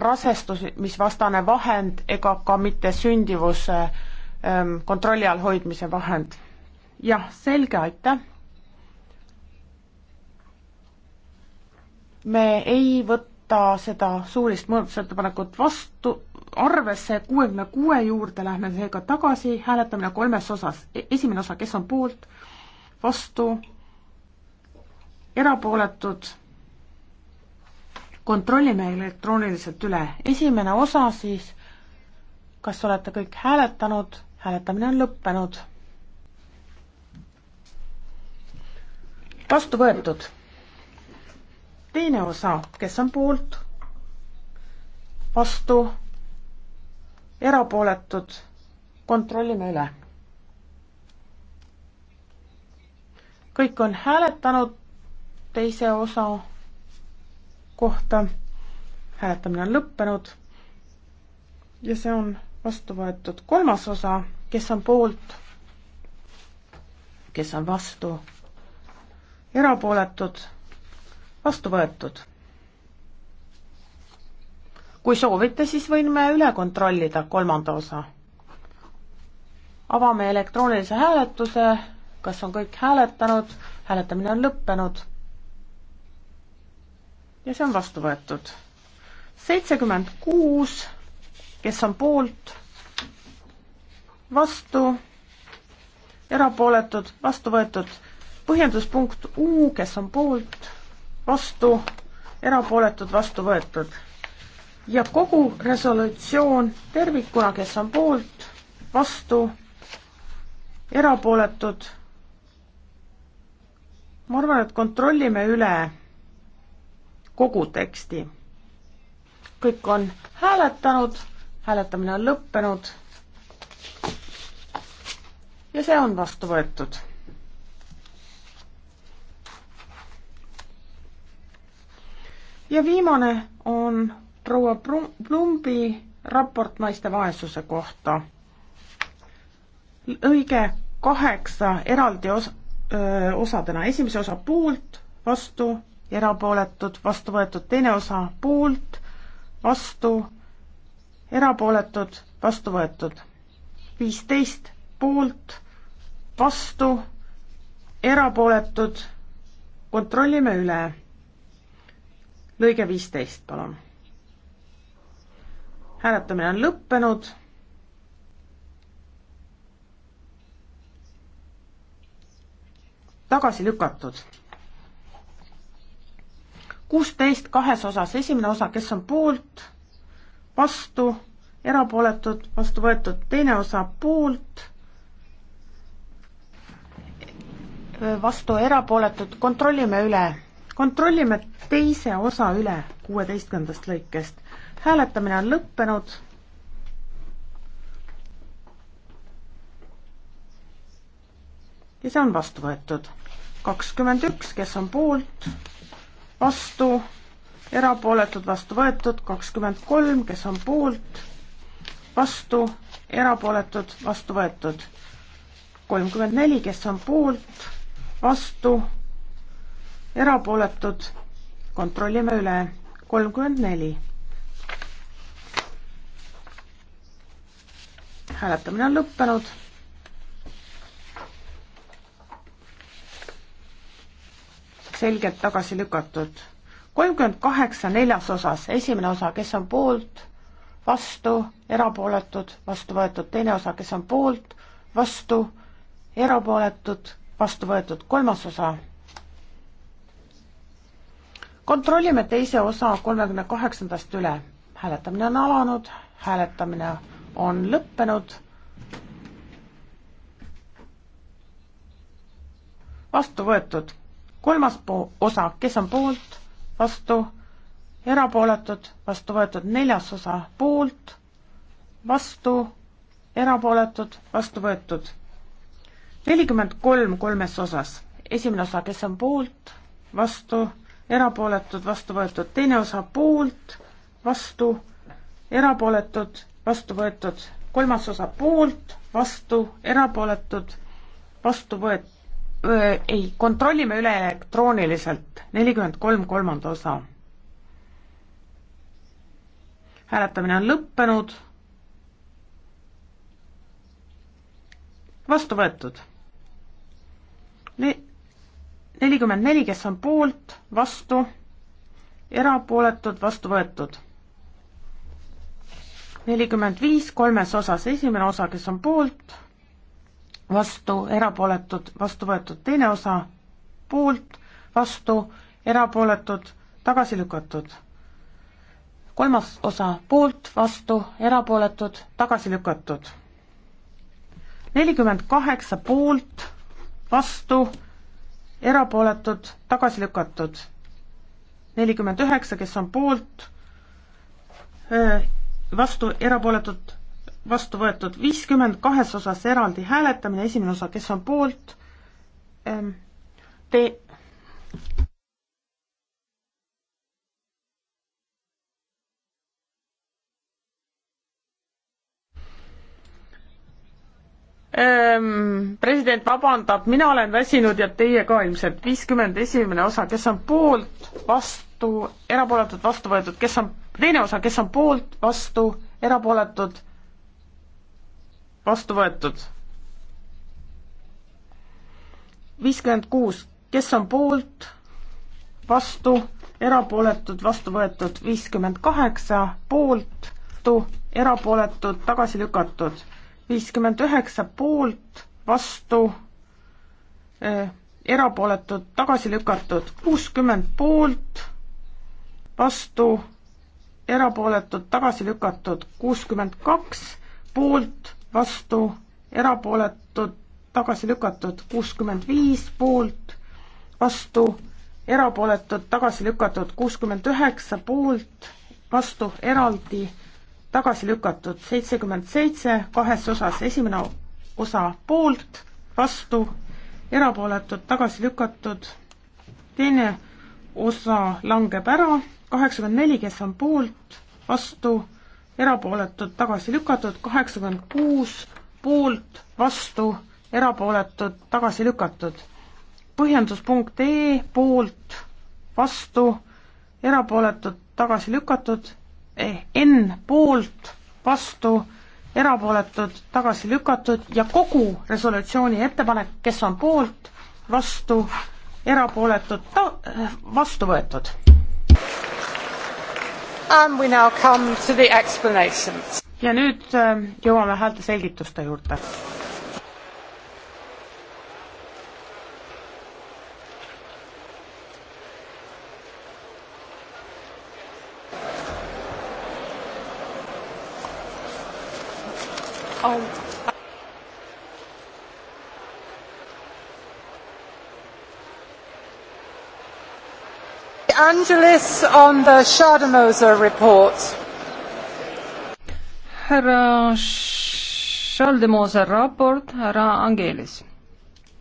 rasestumisvastane vahend ega ka mitte sündivuse ähm, kontrolli all hoidmise vahend. jah, selge, aitäh. me ei võta seda suulist muudatusettepanekut vastu, arvesse kuuekümne kuue juurde lähme seega tagasi, hääletamine kolmes osas, e-, esimene osa, kes on poolt, vastu, erapooletud kontrollime elektrooniliselt üle. esimene osa siis, kas olete kõik hääletanud, hääletamine on lõppenud. vastu võetud. teine osa, kes on poolt, vastu, erapooletud, kontrollime üle. kõik on hääletanud teise osa kohta. hääletamine on lõppenud ja see on vastu võetud kolmas osa, kes on poolt, kes on vastu, erapooletud, vastu võetud. kui soovite, siis võime üle kontrollida kolmanda osa. avame elektroonilise hääletuse, kas on kõik hääletanud, hääletamine on lõppenud ja see on vastu võetud. seitsekümmend kuus, kes on poolt, vastu, erapooletud, vastu võetud. põhjenduspunkt U, kes on poolt, vastu, erapooletud, vastu võetud. ja kogu resolutsioon tervikuna, kes on poolt, vastu, erapooletud, ma arvan, et kontrollime üle kogu teksti. kõik on hääletanud, hääletamine on lõppenud ja see on vastu võetud. ja viimane on proua Plumbi raport naiste vaesuse kohta. lõige kaheksa eraldi os-, öö, osadena, esimese osa poolt, vastu, erapooletud, vastu võetud, teine osa poolt, vastu, erapooletud, vastu võetud. viisteist poolt, vastu, erapooletud, kontrollime üle. lõige viisteist, palun. hääletamine on lõppenud tagasi lükatud kuusteist kahes osas, esimene osa, kes on poolt, vastu, erapooletud, vastu võetud, teine osa poolt, vastu erapooletud, kontrollime üle, kontrollime teise osa üle kuueteistkümnendast lõikest. hääletamine on lõppenud. ja see on vastu võetud. kakskümmend üks, kes on poolt vastu, erapooletud, vastu võetud, kakskümmend kolm, kes on poolt, vastu, erapooletud, vastu võetud, kolmkümmend neli, kes on poolt, vastu, erapooletud, kontrollime üle, kolmkümmend neli. hääletamine on lõppenud selgelt tagasi lükatud. kolmkümmend kaheksa neljas osas, esimene osa, kes on poolt, vastu, erapooletud, vastu võetud, teine osa, kes on poolt, vastu, erapooletud, vastu võetud, kolmas osa. kontrollime teise osa kolmekümne kaheksandast üle. hääletamine on alanud, hääletamine on lõppenud vastu võetud kolmas po-, osa, kes on poolt, vastu, erapooletud, vastu võetud, neljas osa poolt, vastu, erapooletud, vastu võetud. nelikümmend kolm kolmes osas, esimene osa, kes on poolt, vastu, erapooletud, vastu võetud, teine osa poolt, vastu, erapooletud, vastu võetud, kolmas osa poolt, vastu, erapooletud, vastu võetud ei, kontrollime üle elektrooniliselt, nelikümmend kolm kolmanda osa. hääletamine on lõppenud. vastu võetud ne-, nelikümmend neli, kes on poolt, vastu, erapooletud, vastu võetud. nelikümmend viis kolmes osas, esimene osa, kes on poolt vastu, erapooletud, vastu võetud, teine osa poolt, vastu, erapooletud, tagasi lükatud. kolmas osa poolt, vastu, erapooletud, tagasi lükatud. nelikümmend kaheksa poolt, vastu, erapooletud, tagasi lükatud. nelikümmend üheksa, kes on poolt, vastu, erapooletud, vastu võetud viiskümmend kahes osas eraldi hääletamine, esimene osa, kes on poolt, ehm, te ehm, president vabandab, mina olen väsinud ja teie ka ilmselt. viiskümmend esimene osa, kes on poolt, vastu, erapooletud, vastu võetud, kes on, teine osa, kes on poolt, vastu, erapooletud, vastu võetud. viiskümmend kuus, kes on poolt, vastu, erapooletud, vastu võetud, viiskümmend kaheksa, poolt, vastu, erapooletud, tagasi lükatud, viiskümmend üheksa, poolt, vastu, eh, erapooletud, tagasi lükatud, kuuskümmend poolt, vastu, erapooletud, tagasi lükatud, kuuskümmend kaks, poolt vastu, erapooletud, tagasi lükatud, kuuskümmend viis poolt, vastu, erapooletud, tagasi lükatud, kuuskümmend üheksa poolt, vastu, eraldi, tagasi lükatud, seitsekümmend seitse, kahes osas, esimene osa poolt, vastu, erapooletud, tagasi lükatud, teine osa langeb ära, kaheksakümmend neli, kes on poolt, vastu, erapooletud tagasi lükatud, kaheksakümmend kuus poolt, vastu, erapooletud tagasi lükatud. põhjenduspunkt E poolt, vastu, erapooletud tagasi lükatud eh,, N poolt, vastu, erapooletud tagasi lükatud ja kogu resolutsiooni ettepanek, kes on poolt, vastu, erapooletud ta-, vastu võetud. And we now come to the explanations. ja nüüd äh, jõuame häälte selgituste juurde. Oh. Wallis on the Schademoser report. härra Schaldemose raport, härra Angelis